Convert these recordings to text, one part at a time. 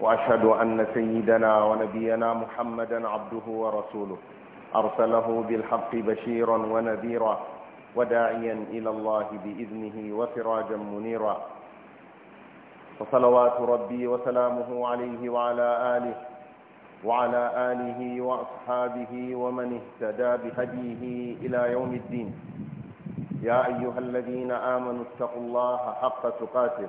واشهد ان سيدنا ونبينا محمدا عبده ورسوله ارسله بالحق بشيرا ونذيرا وداعيا الى الله باذنه وسراجا منيرا وصلوات ربي وسلامه عليه وعلى اله وعلى اله واصحابه ومن اهتدى بهديه الى يوم الدين يا ايها الذين امنوا اتقوا الله حق تقاته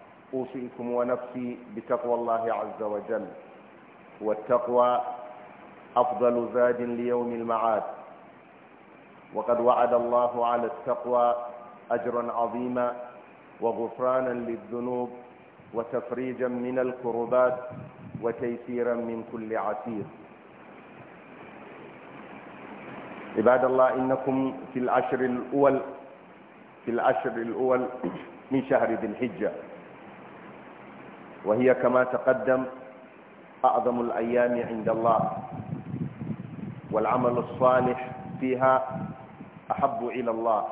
أوصيكم ونفسي بتقوى الله عز وجل والتقوى أفضل زاد ليوم المعاد وقد وعد الله على التقوى أجرا عظيما وغفرانا للذنوب وتفريجا من الكربات وتيسيرا من كل عسير عباد الله إنكم في العشر الأول في العشر الأول من شهر ذي الحجة وهي كما تقدم أعظم الأيام عند الله والعمل الصالح فيها أحب إلى الله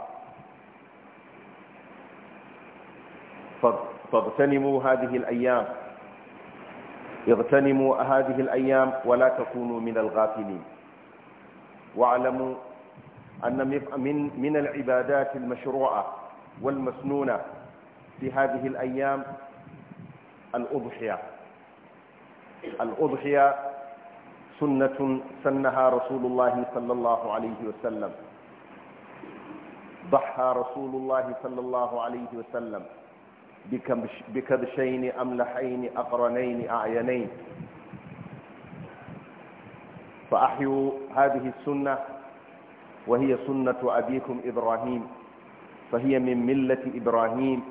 فاغتنموا هذه الأيام اغتنموا هذه الأيام ولا تكونوا من الغافلين واعلموا أن من من العبادات المشروعة والمسنونة في هذه الأيام الأضحية الأضحية سنة سنها رسول الله صلى الله عليه وسلم ضحى رسول الله صلى الله عليه وسلم بكبشين أملحين أقرنين أعينين فأحيوا هذه السنة وهي سنة أبيكم إبراهيم فهي من ملة إبراهيم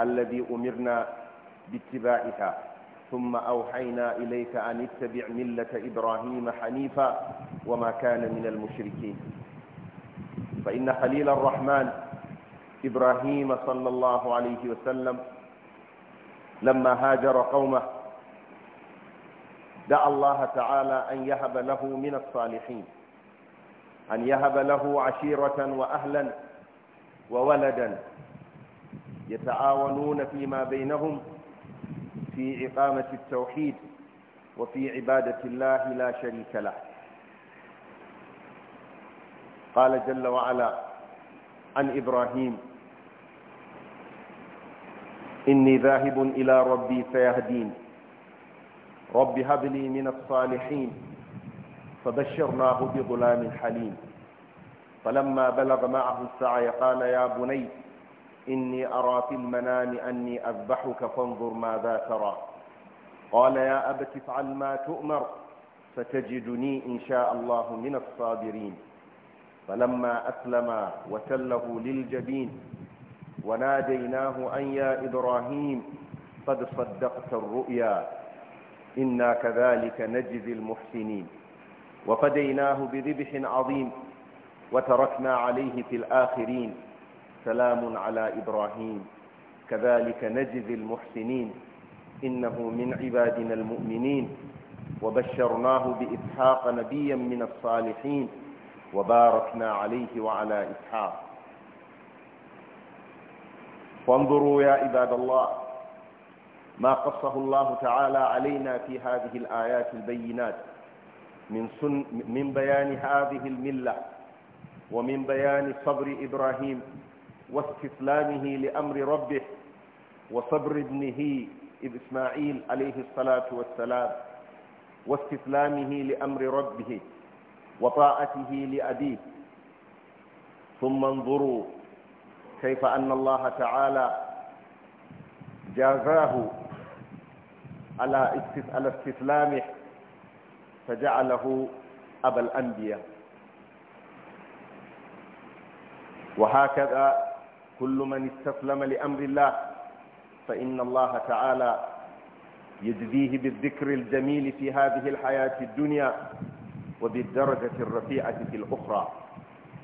الذي أمرنا باتباعها ثم أوحينا إليك أن اتبع ملة إبراهيم حنيفا وما كان من المشركين فإن خليل الرحمن إبراهيم صلى الله عليه وسلم لما هاجر قومه دعا الله تعالى أن يهب له من الصالحين أن يهب له عشيرة وأهلا وولدا يتعاونون فيما بينهم في إقامة التوحيد وفي عبادة الله لا شريك له قال جل وعلا عن إبراهيم إني ذاهب إلى ربي فيهدين رب هب لي من الصالحين فبشرناه بغلام حليم فلما بلغ معه السعي قال يا بني إني أرى في المنام أني أذبحك فانظر ماذا ترى قال يا أبت افعل ما تؤمر فتجدني إن شاء الله من الصابرين فلما أسلم وتله للجبين وناديناه أن يا إبراهيم قد صدقت الرؤيا إنا كذلك نجزي المحسنين وفديناه بذبح عظيم وتركنا عليه في الآخرين سلام على إبراهيم كذلك نجزي المحسنين إنه من عبادنا المؤمنين وبشرناه بإسحاق نبيا من الصالحين وباركنا عليه وعلى إسحاق وانظروا يا عباد الله ما قصه الله تعالى علينا في هذه الآيات البينات من, سن من بيان هذه الملة ومن بيان صبر إبراهيم واستسلامه لأمر ربه وصبر ابنه إسماعيل عليه الصلاة والسلام واستسلامه لأمر ربه وطاعته لأبيه ثم انظروا كيف أن الله تعالى جازاه على استسلامه فجعله أبا الأنبياء وهكذا كل من استسلم لأمر الله فإن الله تعالى يجزيه بالذكر الجميل في هذه الحياة الدنيا وبالدرجة الرفيعة في الأخرى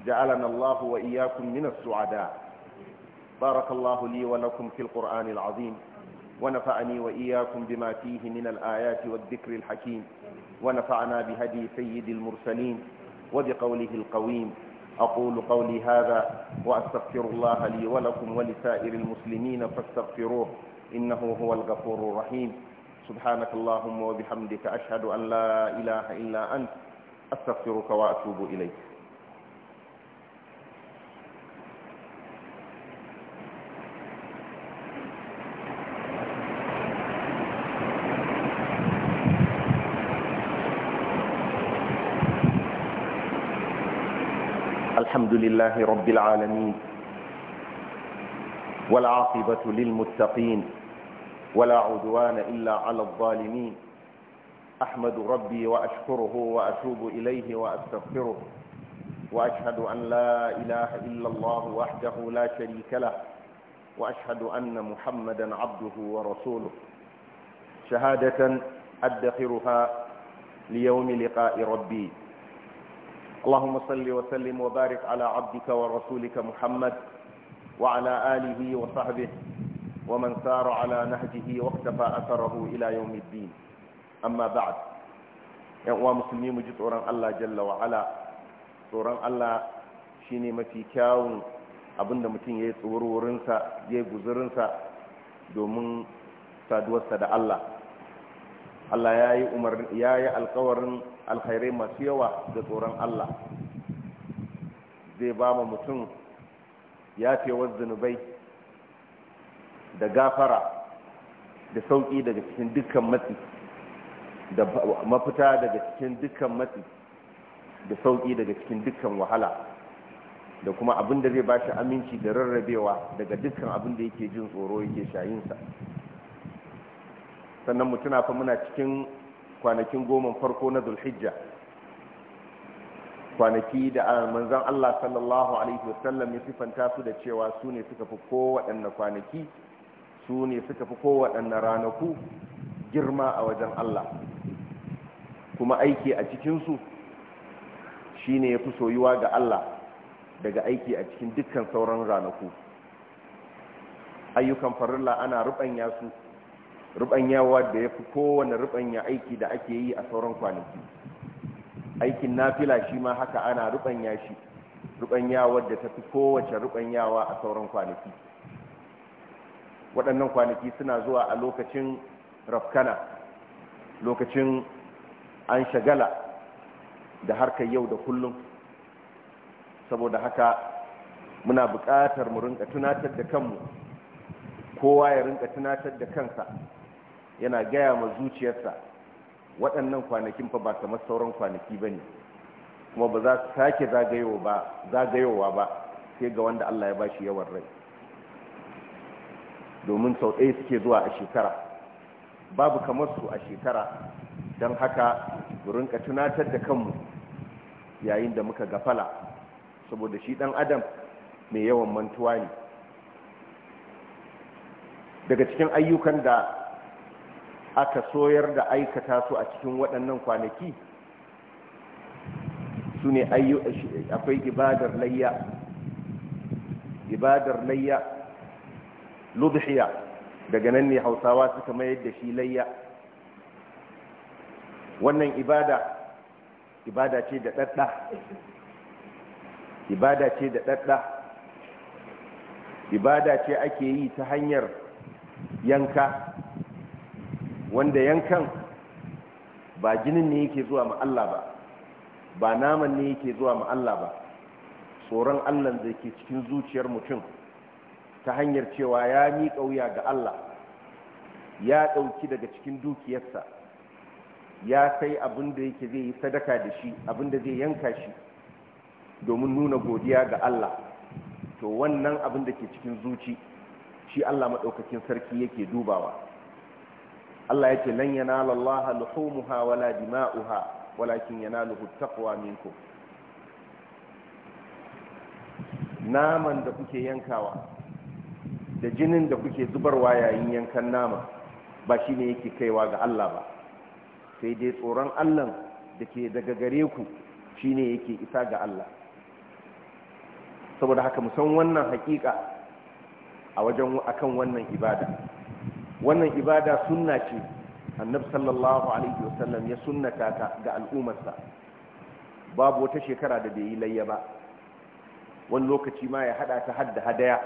جعلنا الله وإياكم من السعداء بارك الله لي ولكم في القرآن العظيم ونفعني وإياكم بما فيه من الآيات والذكر الحكيم ونفعنا بهدي سيد المرسلين وبقوله القويم أقول قولي هذا وأستغفر الله لي ولكم ولسائر المسلمين فاستغفروه إنه هو الغفور الرحيم سبحانك اللهم وبحمدك أشهد أن لا إله إلا أنت أستغفرك وأتوب إليك لله رب العالمين والعاقبة للمتقين ولا عدوان إلا على الظالمين أحمد ربي وأشكره وأتوب إليه وأستغفره وأشهد أن لا إله إلا الله وحده لا شريك له وأشهد أن محمدا عبده ورسوله شهادة أدخرها ليوم لقاء ربي اللهم صل وسلم وبارك على عبدك ورسولك محمد وعلى آله وصحبه ومن سار على نهجه واقتفى أثره إلى يوم الدين أما بعد اخوان مسلمين مجد أوران الله جل وعلا أوران الله شيني متي كاون ابن متين mutum ya يي tsorurinsa دومن yi guzurinsa الله saduwarsa da Allah ياي ya yi alkhairai masu yawa da tsoron Allah zai ba mu mutum yafewar zunubai da gafara da sauƙi daga cikin dukkan matsi da mafita daga cikin dukkan matsi da sauƙi daga cikin dukkan wahala da kuma abin da zai ba shi aminci da rarrabewa daga dukkan abin da yake jin tsoro yake shayinsa sannan mutuna fa muna cikin kwanakin goma farko na zulhijja kwanaki da ah, manzan Allah sallallahu alaihi wasallam ya sifanta su da cewa su ne suka fi kowaɗanna kwanaki su ne suka fi kowaɗanna ranaku girma a wajen Allah kuma aiki a cikinsu shi ne ya fi soyuwa ga Allah daga aiki a cikin dukkan sauran ranaku ayyukan farilla ana ruɓanya su rubanyawa da ya fi kowane rubanya aiki da ake yi a sauran kwanaki aikin nafila shi ma haka ana rubanya shi rubanyawa da ta fi kowace rubanyawa a sauran kwanaki waɗannan kwanaki suna zuwa a lokacin rafkana lokacin an shagala da harka yau da kullum saboda haka muna buƙatar mu rinka tunatar da kanmu kowa ya rinka tunatar da kansa yana gaya ma zuciyarsa waɗannan kwanakin fa ba kamar sauran kwanaki ba ne kuma ba za su sake zagayowa ba sai ga wanda allah ya ba shi yawan rai domin sau ɗaya suke zuwa a shekara babu kamar su a shekara don haka rinka tunatar da kanmu yayin da muka gafala saboda shi ɗan adam mai yawan mantuwa ne daga cikin ayyukan da aka soyar da aikata su a cikin waɗannan kwanaki su ne akwai ibadar layya ibadar layya lubhiya daga nan ne hausawa suka mayar da shi layya wannan ibada ibada ce da ɗaɗɗa ibada ce da ɗaɗɗa ibada ce ake yi ta hanyar yanka wanda yankan ba jinin ne yake zuwa Allah ba ba naman ne yake zuwa Allah ba tsoron Allah da ke cikin zuciyar mutum ta hanyar cewa ya miƙa wuya ga Allah ya ɗauki daga cikin dukiyarsa ya sai abin da yake zai yi sadaka da shi abin da zai yanka shi domin nuna godiya ga Allah to wannan abin da ke cikin zuci shi Allah maɗaukakin sarki yake dubawa Allah yake lan yanala Allah luhumuha wala dima'uha walakin yanaluhu taqwa minkum naman da kuke yankawa da jinin da kuke zubarwa yayin yankan nama ba shi ne yake kaiwa ga Allah ba sai dai tsoron Allah da ke daga gare ku shi ne yake isa ga Allah saboda haka mu san wannan hakika a wajen akan wannan ibada wannan ibada sunna ce annabi sallallahu alaihi wasallam ya sunnata ta ga al'ummarsa babu wata shekara da bai yi layya ba wani lokaci ma ya hada ta hadda hadaya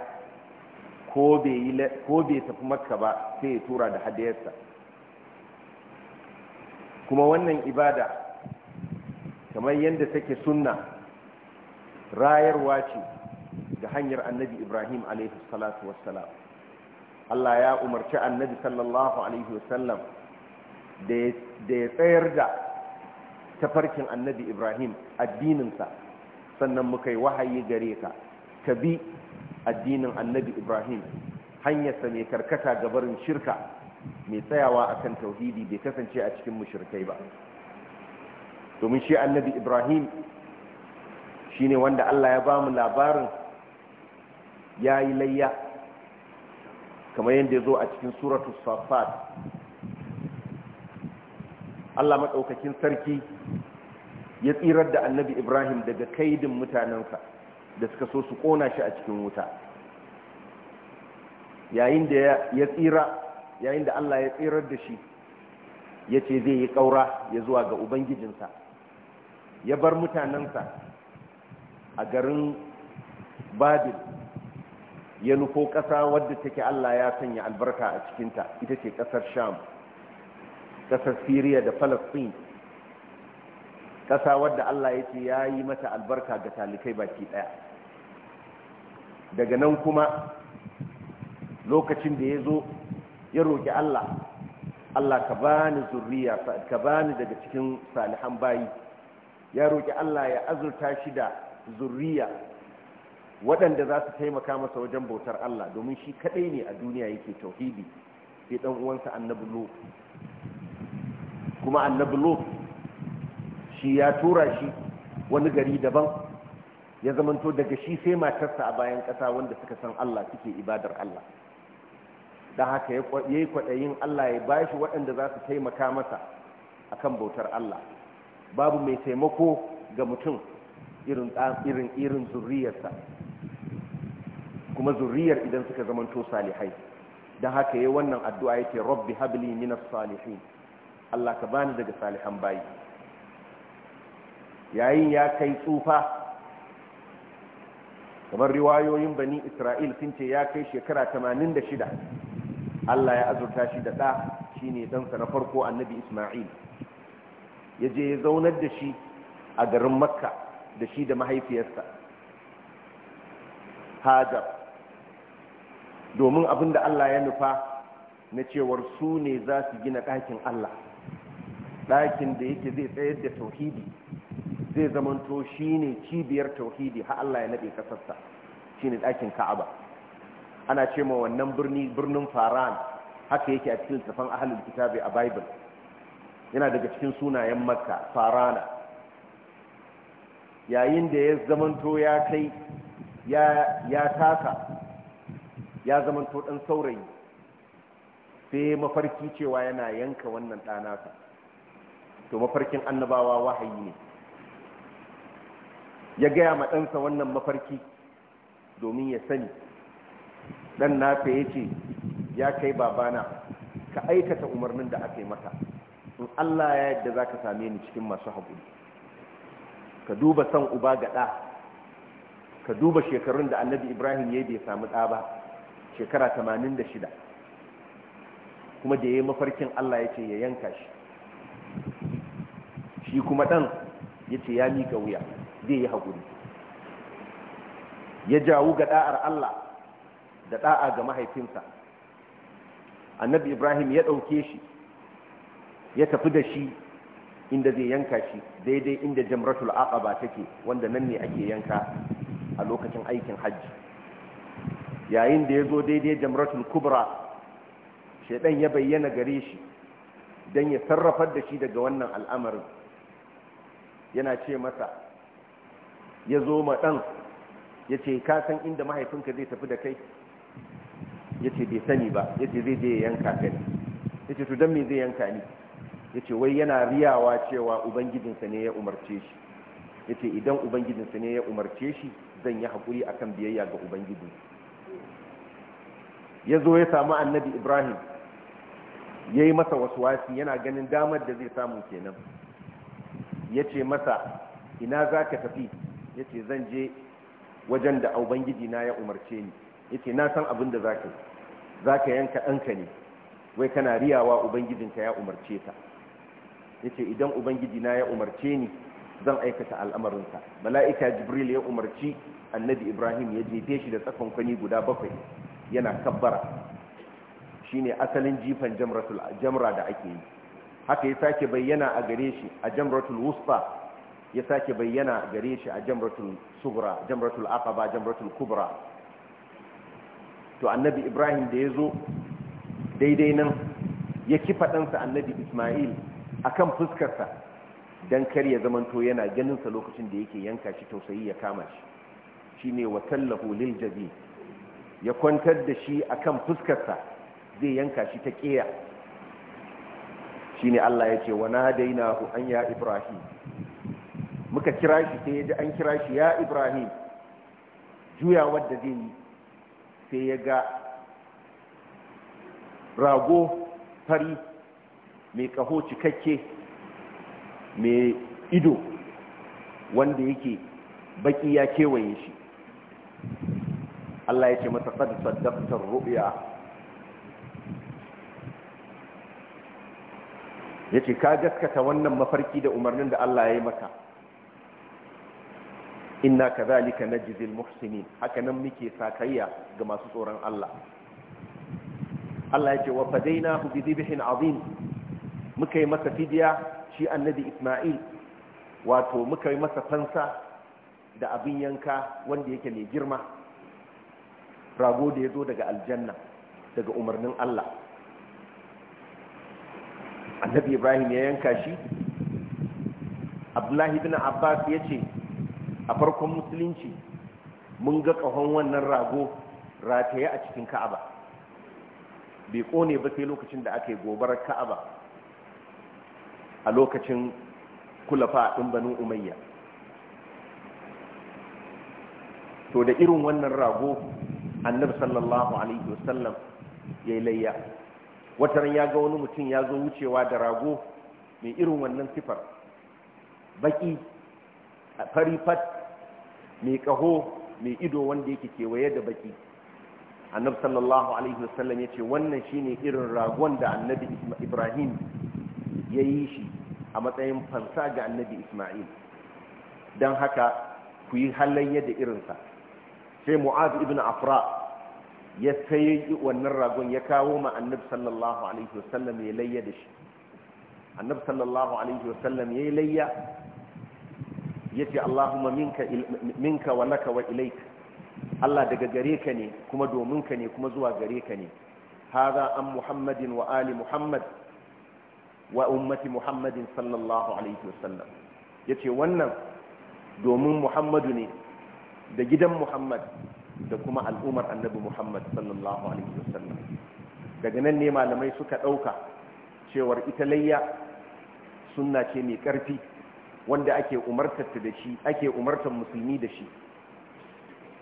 ko bai tafi makka ba sai ya tura da hadayarsa kuma wannan ibada kamar yadda take sunna rayarwa ce da hanyar annabi ibrahim alaihi salatu wassalam Allah ya umarci annabi sallallahu alaihi wasallam da ya tsayar da tafarkin annabi Ibrahim addininsa sannan muka yi wahayi gare ka ka bi addinin annabi Ibrahim hanyarsa mai karkata gabarin shirka mai tsayawa akan tauhidi bai kasance a cikin mushirkai ba domin shi annabi Ibrahim shine wanda Allah ya ba mu labarin ya yi layya kamar yadda ya zo a cikin suratul safat Allah maɗaukakin sarki ya tsirar da annabi ibrahim daga kaidin mutanensa da suka so su ƙona shi a cikin wuta yayin da ya tsira yayin da Allah ya tsirar da shi ya ce zai yi ƙaura ya zuwa ga ubangijinsa ya bar mutanensa a garin babil ya nufo ƙasa wadda take Allah ya sanya albarka a cikinta ita ce ƙasar sham ƙasar syria da palestine ƙasa wadda Allah ya ce ya yi mata albarka ga talikai baki ɗaya daga nan kuma lokacin da ya zo ya roƙi Allah Allah ka bani zurriya ka bani daga cikin salihan bayi ya roƙi Allah ya azurta shi da zurriya waɗanda za su taimaka masa wajen bautar Allah domin shi kaɗai ne a duniya yake tauhidi sai ɗan uwansa annabi lot kuma annabi lot shi ya tura shi wani gari daban ya zamanto daga shi sai matarsa a bayan ƙasa wanda suka san Allah suke ibadar Allah da haka ya yi kwaɗayin Allah ya ba shi waɗanda za su taimaka masa a kan bautar Allah babu mai taimako ga mutum irin irin zurriyarsa kuma zurriyar idan suka zamanto salihai don haka yi wannan addu'a yake rabbi habli minas salihin Allah ka bani daga salihan bayi yayin ya kai tsufa kamar riwayoyin bani isra'il sun ce ya kai shekara 86 Allah ya azurta shi da ɗa shi ne ɗansa na farko annabi isma'il ya je ya zaunar da shi a garin makka da shi da mahaifiyarsa hajar domin abin da Allah ya nufa na cewar su ne za su gina ɗakin Allah ɗakin da yake zai tsayar da tauhidi zai zamanto shi ne cibiyar tauhidi har Allah ya naɗe ƙasarsa shi ne ɗakin ka'aba ana ce ma wannan birni birnin faran haka yake a cikin littafin ahalin kitabi a bible yana daga cikin sunayen makka farana yayin da ya zamanto ya kai ya tasa ya zama to dan saurayi sai mafarki cewa yana yanka wannan ɗanasa to mafarkin annabawa wahayi ne ya gaya ma ɗansa wannan mafarki domin ya sani ɗan nasa ya ce ya kai babana ka aikata umarnin da aka yi mata in allah ya yadda za ka same ni cikin masu haƙuri ka duba san uba ga ɗa ka duba shekarun da annabi ibrahim ya bai samu ɗa ba shekara 86 kuma da ya yi mafarkin Allah ya ce ya yanka shi shi kuma ɗan ya ce ya miƙa wuya zai yi haƙuri ya jawo ga ɗa'ar Allah da ɗa'a ga mahaifinsa annabi ibrahim ya ɗauke shi ya tafi da shi inda zai yanka shi daidai inda jamratul aqaba take wanda nan ne ake yanka a lokacin aikin hajji yayin da ya zo daidai jamratul kubra shaidan ya bayyana gare shi don ya sarrafar da shi daga wannan al'amarin yana ce masa ya zo maɗan ya ce ka san inda mahaifinka zai tafi da kai ya ce bai sani ba ya ce zai zai yanka ka ya ce tudan me zai yanka ni ya ce wai yana riyawa cewa ubangijinsa ne ya umarce shi ya ce idan ubangijinsa ne ya umarce shi zan yi haƙuri akan biyayya ga ubangijinsa ya zo ya samu annabi ibrahim ya yi masa wasi, yana ganin damar da zai samu kenan ya ce masa ina za ka tafi ya ce zan je wajen da ubangiji na ya umarce ni ya ce na san abin da za ka za ka yanka ɗanka ne wai kana riyawa ubangijinka ya umarce ka ya ce idan ubangiji na ya umarce ni zan aikata al'amarinsa mala'ika jibril ya umarci annabi ibrahim ya jefe shi da tsakon kwani guda bakwai yana kabbara shine asalin jifan jamratul jamra da ake yi haka ya sake bayyana a gare shi a jamratul wusta ya sake bayyana gare shi a jamratul sughra jamratul aqaba jamratul kubra to annabi ibrahim da yazo daidai nan ya kifa ɗansa annabi ismail akan fuskarsa dan kar ya zamanto yana ganin sa lokacin da yake yanka shi tausayi ya kama shi ne wa tallahu lil jabi ya kwantar da shi akan kan fuskarsa zai yanka shi ta Shi ne Allah ya ce wa ku an ya ibrahim muka kira shi sai ya ji an kira shi ya ibrahim juya wadda zai yi sai ya ga rago fari mai kaho cikakke mai ido wanda yake baki ya kewaye shi Allah ya ce masa qad ruya ce ka gaskata wannan mafarki da umarnin da Allah ya yi maka inna kadhalika najzi al-muhsinin haka nan muke sakayya ga masu tsoron Allah Allah ya ce wa fadainahu bi azim muka yi masa fidiya shi annabi Ismail wato muka yi masa fansa da abin yanka wanda yake mai girma rago da ya zo daga aljanna daga umarnin Allah annabi Ibrahim ya yanka shi Abdullahi bin Abbas ya ce a farkon musulunci mun ga ƙahon wannan rago rataye a cikin Ka'aba bai kone ba sai lokacin da aka yi gobarar Ka'aba a lokacin kulafa ɗin banu umayya to da irin wannan rago annabi sallallahu alaihi wasallam ya yi layya wataran ya ga wani mutum ya zo wucewa da rago mai irin wannan sifar baki fari farifat mai kaho mai ido wanda yake kewaye da baki annabi sallallahu alaihi wasallam ya ce wannan shine irin ragon da annabi ibrahim ya yi shi a matsayin fansa ga annabi isma'il don haka ku yi halayya da irinsa sai mu'az ibn afra ya sayi wannan ragon ya kawo ma annabi sallallahu alaihi wasallam ya layya da shi annabi sallallahu alaihi wasallam ya yi layya ya ce allahumma minka wa laka wa ilaika allah daga gare ka ne kuma domin ka ne kuma zuwa gare ka ne an Muhammadin wa Ali Muhammad. wa ummati muhammadin sallallahu alaihi wasallam ya ce wannan domin muhammadu ne da gidan muhammad da kuma al'ummar annabi muhammad sallallahu alaihi wasallam daga nan ne malamai suka ɗauka cewar ita layya sunna ce mai ƙarfi wanda ake umartar da shi ake umartar musulmi da shi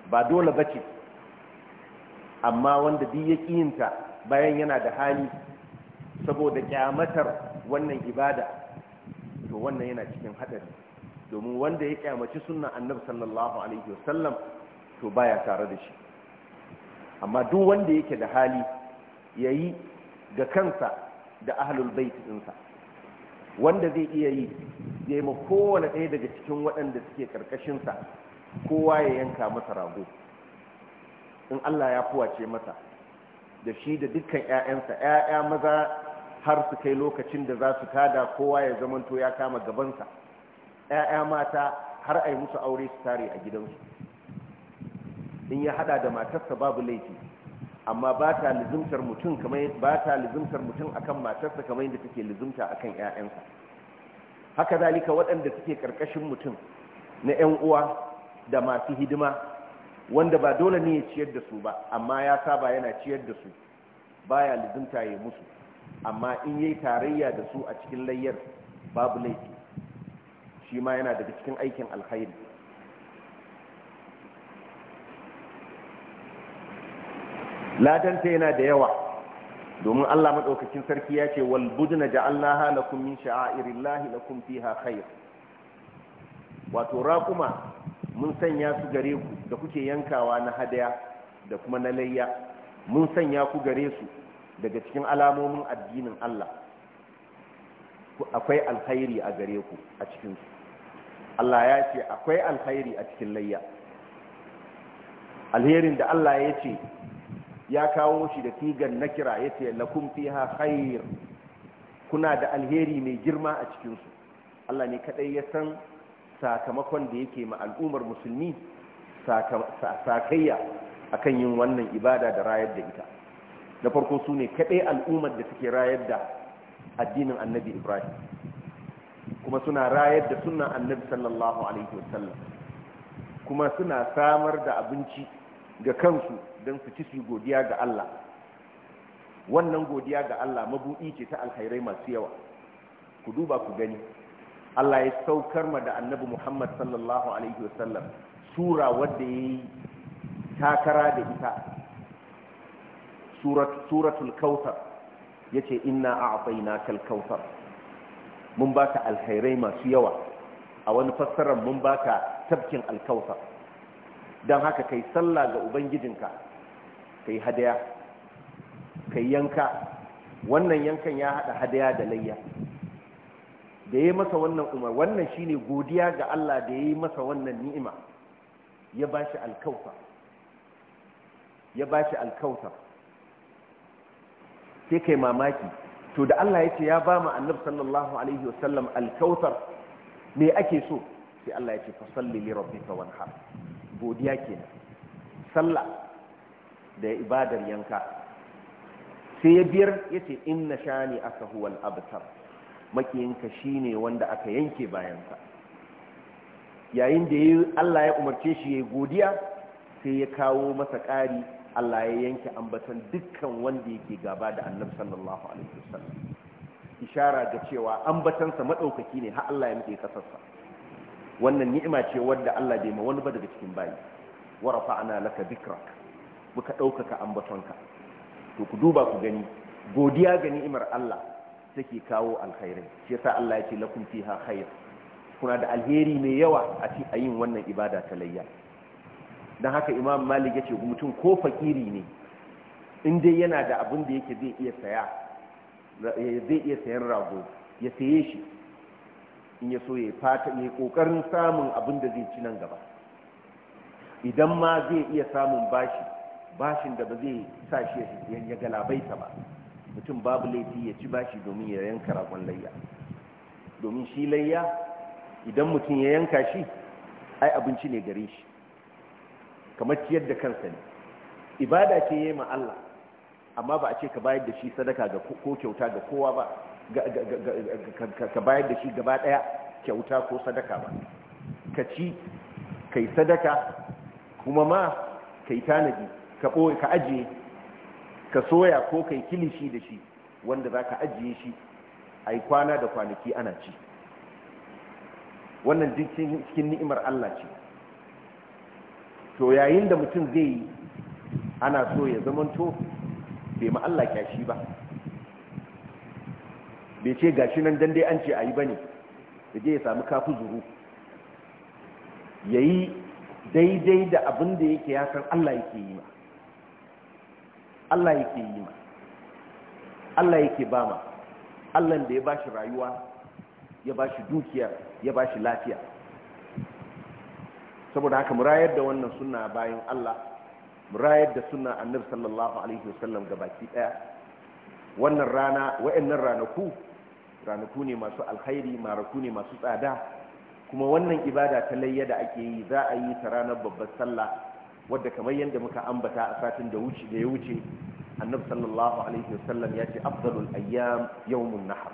ba dole ba ce amma wanda duk ya ƙiyinta bayan yana da hali saboda kyamatar wannan ibada to wannan yana cikin haɗari domin wanda ya kyamaci sunna annabi sallallahu alaihi wasallam to baya tare da shi amma duk wanda yake da hali yayi ga kansa da ahlul bait ɗinsa wanda zai iya yi zai ma kowane ɗaya daga cikin waɗanda suke ƙarƙashinsa kowa ya yanka masa rago in Allah ya fuwace masa da shi da dukkan 'ya'yansa 'ya'ya maza har su kai lokacin da za su tada kowa ya zamanto ya kama gabansa ‘ya'ya mata har a yi musu aure su tare a gidansu in ya hada da matarsa babu laifi amma ba ta lizimtar mutum ba akan matarsa kamar da take lizimta akan ‘ya'yansa haka zalika waɗanda suke ƙarƙashin mutum na ‘yan uwa da masu hidima wanda ba dole ne ya ciyar da su ba amma ya saba yana ciyar da su baya lizimta ya musu amma in yayi tarayya da su a cikin layyar babu laifi shi ma yana daga cikin aikin alkhairi ladanta yana da yawa domin Allah madaukakin sarki ya ce wal budna ja'alnaha lakum min sha'airillahi lakum fiha khair wato raquma mun sanya su gare ku da kuke yankawa na hadaya da kuma na layya mun sanya ku gare su daga cikin alamomin addinin Allah akwai alkhairi a gare ku a cikin su Allah ya ce akwai alkhairi a cikin layya alherin da Allah ya ce ya kawo shi da figan nakira ya ce lakum fiha khair kuna da alheri mai girma a cikin su Allah ne kadai ya san sakamakon da yake ma al'ummar musulmi sakayya akan yin wannan ibada da rayar da ita na farko su ne kaɗai al'ummar da suke rayar da addinin annabi ibrahim kuma suna rayar da sunan annabi sallallahu alaihi wasallam kuma suna samar da abinci ga kansu don su ci su godiya ga allah wannan godiya ga allah mabuɗi ce ta alkhairai masu yawa ku duba ku gani allah ya saukar ma da annabi muhammad sallallahu alaihi wasallam sura wadda ya yi takara da ita suratul kautar ya ce ina a abaina kalkautar mun ba ka alkhairai masu yawa a wani fassarar mun ba ka tabkin alkautar don haka kai sallah ga ubangijinka kai hadaya kai yanka wannan yankan ya haɗa hadaya da layya da ya masa wannan umar wannan shine godiya ga Allah da ya yi masa wannan ni'ima ya ba shi alkautar ya ba shi alkautar sai kai mamaki to da Allah ya ce ya ba mu annabi sallallahu alaihi wasallam alkautar me ake so sai Allah ya ce fa salli li rabbika wanhar godiya kenan sallah da ibadar yanka sai ya biyar yace inna shani aka huwal abtar makiyinka shine wanda aka yanke bayansa yayin da Allah ya umarce shi ya godiya sai ya kawo masa ƙari Allah ya yanke ambatan dukkan wanda yake gaba da annabi sallallahu alaihi wasallam ishara ga cewa ambatansa madaukaki ne har Allah ya muke kasarsa wannan ni'ima ce wadda Allah bai ma wani ba daga cikin bayi wa rafa'ana laka dhikrak muka daukaka ambatonka to ku duba ku gani godiya ga ni'imar Allah take kawo alkhairai shi yasa Allah ya ce lakum fiha khair kuna da alheri mai yawa a cikin yin wannan ibada ta layya don haka imam malik ya ce mutum ko fakiri ne in dai yana da abin da yake zai iya saya zai iya sayan rago ya saye shi in ya so ya fata ya kokarin samun abin da zai ci nan gaba idan ma zai iya samun bashi bashin da ba zai sa shi ya galabaita ba mutum babu laifi ya ci bashi domin ya yanka ragon layya domin shi layya idan mutum ya yanka shi ai abinci ne gare shi kamar ciyar da kansa ne ibada ke yi ma Allah amma ba a ce ka bayar da shi sadaka ga ko kyauta ga kowa ba ka bayar da shi gaba daya kyauta ko sadaka ba ka ci kai sadaka kuma ma kai tanadi ka boye ka ajiye ka soya ko kai kilishi da shi wanda za ka ajiye shi ai kwana da kwanaki ana ci wannan duk cikin ni'imar Allah ce to yayin da mutum zai yi ana so ya zamanto bai ma Allah kyashi ba bai ce gashi nan dan dai an ce ayi bane ne, je ya sami kafu zuru yayi daidai da abin da yake ya san Allah yake yi ma Allah yake yi ma Allah yake ba ma Allah da ya bashi rayuwa ya bashi dukiya ya bashi lafiya saboda haka mu rayar da wannan sunna bayan Allah mu rayar da sunna annabi sallallahu alaihi wasallam ga baki daya wannan rana wayannan ranaku ranaku ne masu alkhairi maraku ne masu tsada kuma wannan ibada ta layya da ake yi za a yi ta ranar babbar sallah wadda kamar yadda muka ambata a satin da wuce da ya wuce annabi sallallahu alaihi wasallam ya ce afdalul ayyam yawmun nahar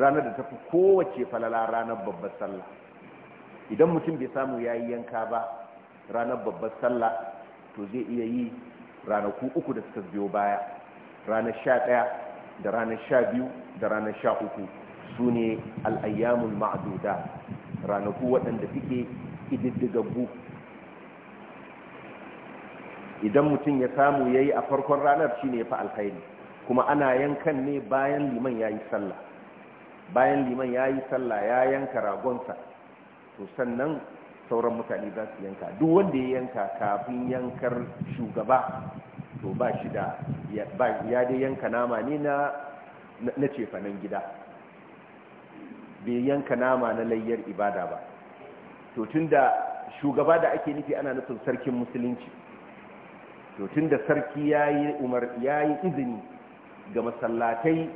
ranar da tafi kowace falala ranar babbar sallah idan mutum bai samu ya yi yanka ba ranar babbar sallah to zai iya yi ranaku uku da suka biyo baya ranar sha ɗaya da ranar sha biyu da ranar sha uku su ne al'ayyamun ma'adoda ranaku waɗanda suke ididdigaggu idan mutum ya samu ya yi a farkon ranar shi ne ya fi alkhairi kuma ana yankan ne bayan liman ya yi sallah bayan liman ya yi sallah ya yanka ragonsa to sannan sauran mutane za su yanka duk wanda ya yanka kafin yankar shugaba to ba shi da ya dai yanka nama ne na cefanen gida bai yanka nama na layyar ibada ba to tun da shugaba da ake nufi ana nufin sarkin musulunci to tun da sarki ya yi izini ga masallatai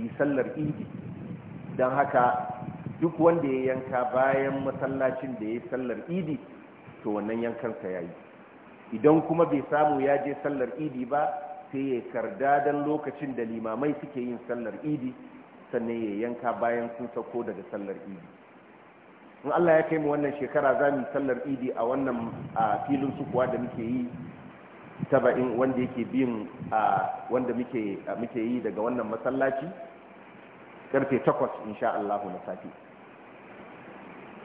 yi sallar idi don haka duk wanda ya yanka bayan masallacin da ya sallar idi to wannan yankansa ya yi idan kuma bai samu ya je sallar idi ba sai ya karda don lokacin da limamai suke yin sallar idi sannan ya yanka bayan sun sako daga sallar idi in allah ya kai mu wannan shekara za mu sallar idi a wannan filin sukuwa da muke yi taba'in wanda yake bin wanda muke yi daga wannan masallaci karfe takwas, insha allahu na safi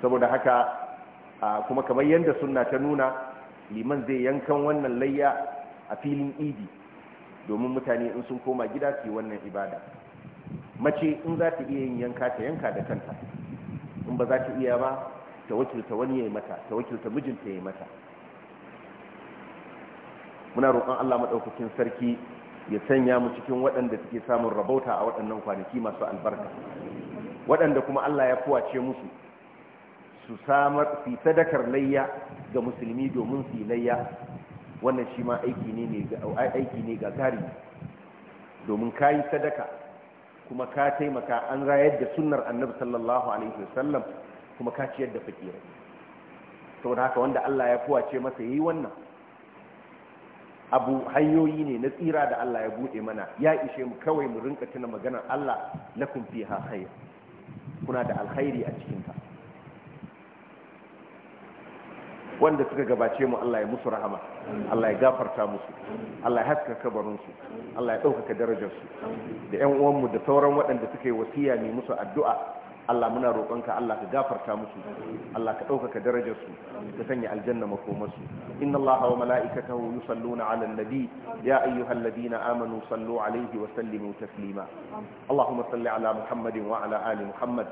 saboda haka kuma kamar yadda sunna ta nuna liman zai yankan wannan layya a filin idi domin mutane in sun koma gida su yi wannan ibada mace in za ta iya yin yanka ta yanka da kanta in ba za ta iya ba ta wakilta wani ya yi mata ta wakilta mijinta ya yi mata muna roƙon allah maɗaukakin sarki ya sanya mu cikin waɗanda suke samun rabauta a waɗannan kwanaki masu albarka waɗanda kuma allah ya kowace musu su samar su sadakar layya ga musulmi domin su layya wannan shi ma aiki ne ga gari domin ka yi sadaka kuma ka taimaka an rayar da sunnar annabi sallallahu alaihi wasallam kuma ka ciyar da fakirai saboda haka wanda Allah ya fuwace masa yi wannan abu hanyoyi ne na tsira da Allah ya bude mana ya ishe mu kawai mu rinka tuna maganar Allah lakum fiha khair kuna da alkhairi a cikinta wanda suka gabace mu Allah ya musu rahama Allah ya gafarta musu Allah ya haska kabarinsu Allah ya ɗaukaka darajarsu da ƴan uwanmu da sauran waɗanda suka yi wasiya ne musu addu'a Allah muna roƙonka Allah ka gafarta musu Allah ka ɗaukaka darajarsu ka sanya aljanna makomarsu inna Allah wa mala'ikatahu yusalluna 'alan nabi ya ayyuhal amanu sallu alayhi wa sallimu taslima Allahumma salli 'ala Muhammadin wa 'ala ali Muhammad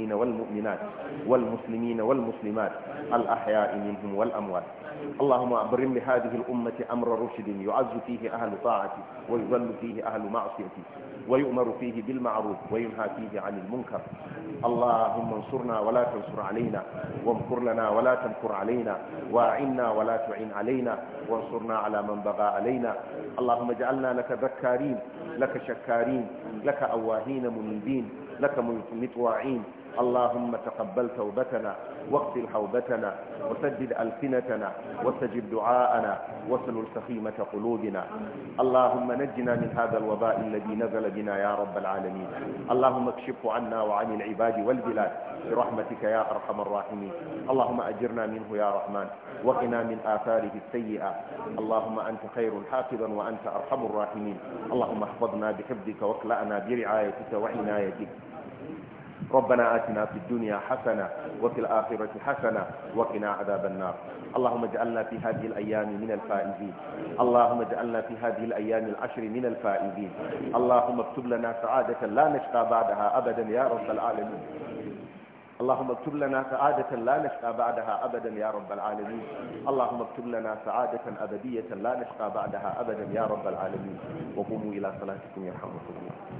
والمؤمنين والمؤمنات والمسلمين والمسلمات الأحياء منهم والأموات اللهم أبرم لهذه الأمة أمر رشد يعز فيه أهل طاعة ويذل فيه أهل معصية ويؤمر فيه بالمعروف وينهى فيه عن المنكر اللهم انصرنا ولا تنصر علينا وامكر لنا ولا تمكر علينا واعنا ولا تعين علينا وانصرنا على من بغى علينا اللهم اجعلنا لك ذكارين لك شكارين لك أواهين منيبين لك مطواعين اللهم تقبل توبتنا واغفر حوبتنا وسدد ألسنتنا واستجب دعاءنا وسلل سخيمة قلوبنا اللهم نجنا من هذا الوباء الذي نزل بنا يا رب العالمين اللهم اكشفه عنا وعن العباد والبلاد برحمتك يا أرحم الراحمين اللهم أجرنا منه يا رحمن وقنا من آثاره السيئة اللهم أنت خير حافظا وأنت أرحم الراحمين اللهم احفظنا بحفظك واكلأنا برعايتك وعنايتك ربنا آتنا في الدنيا حسنة وفي الآخرة حسنة وقنا عذاب النار اللهم اجعلنا في هذه الأيام من الفائزين اللهم اجعلنا في هذه الأيام العشر من الفائزين اللهم اكتب لنا سعادة لا نشقى بعدها أبدا يا رب العالمين اللهم اكتب لنا سعادة لا نشقى بعدها أبدا يا رب العالمين اللهم اكتب لنا سعادة أبدية لا نشقى بعدها أبدا يا رب العالمين وقوموا إلى صلاتكم يرحمكم الله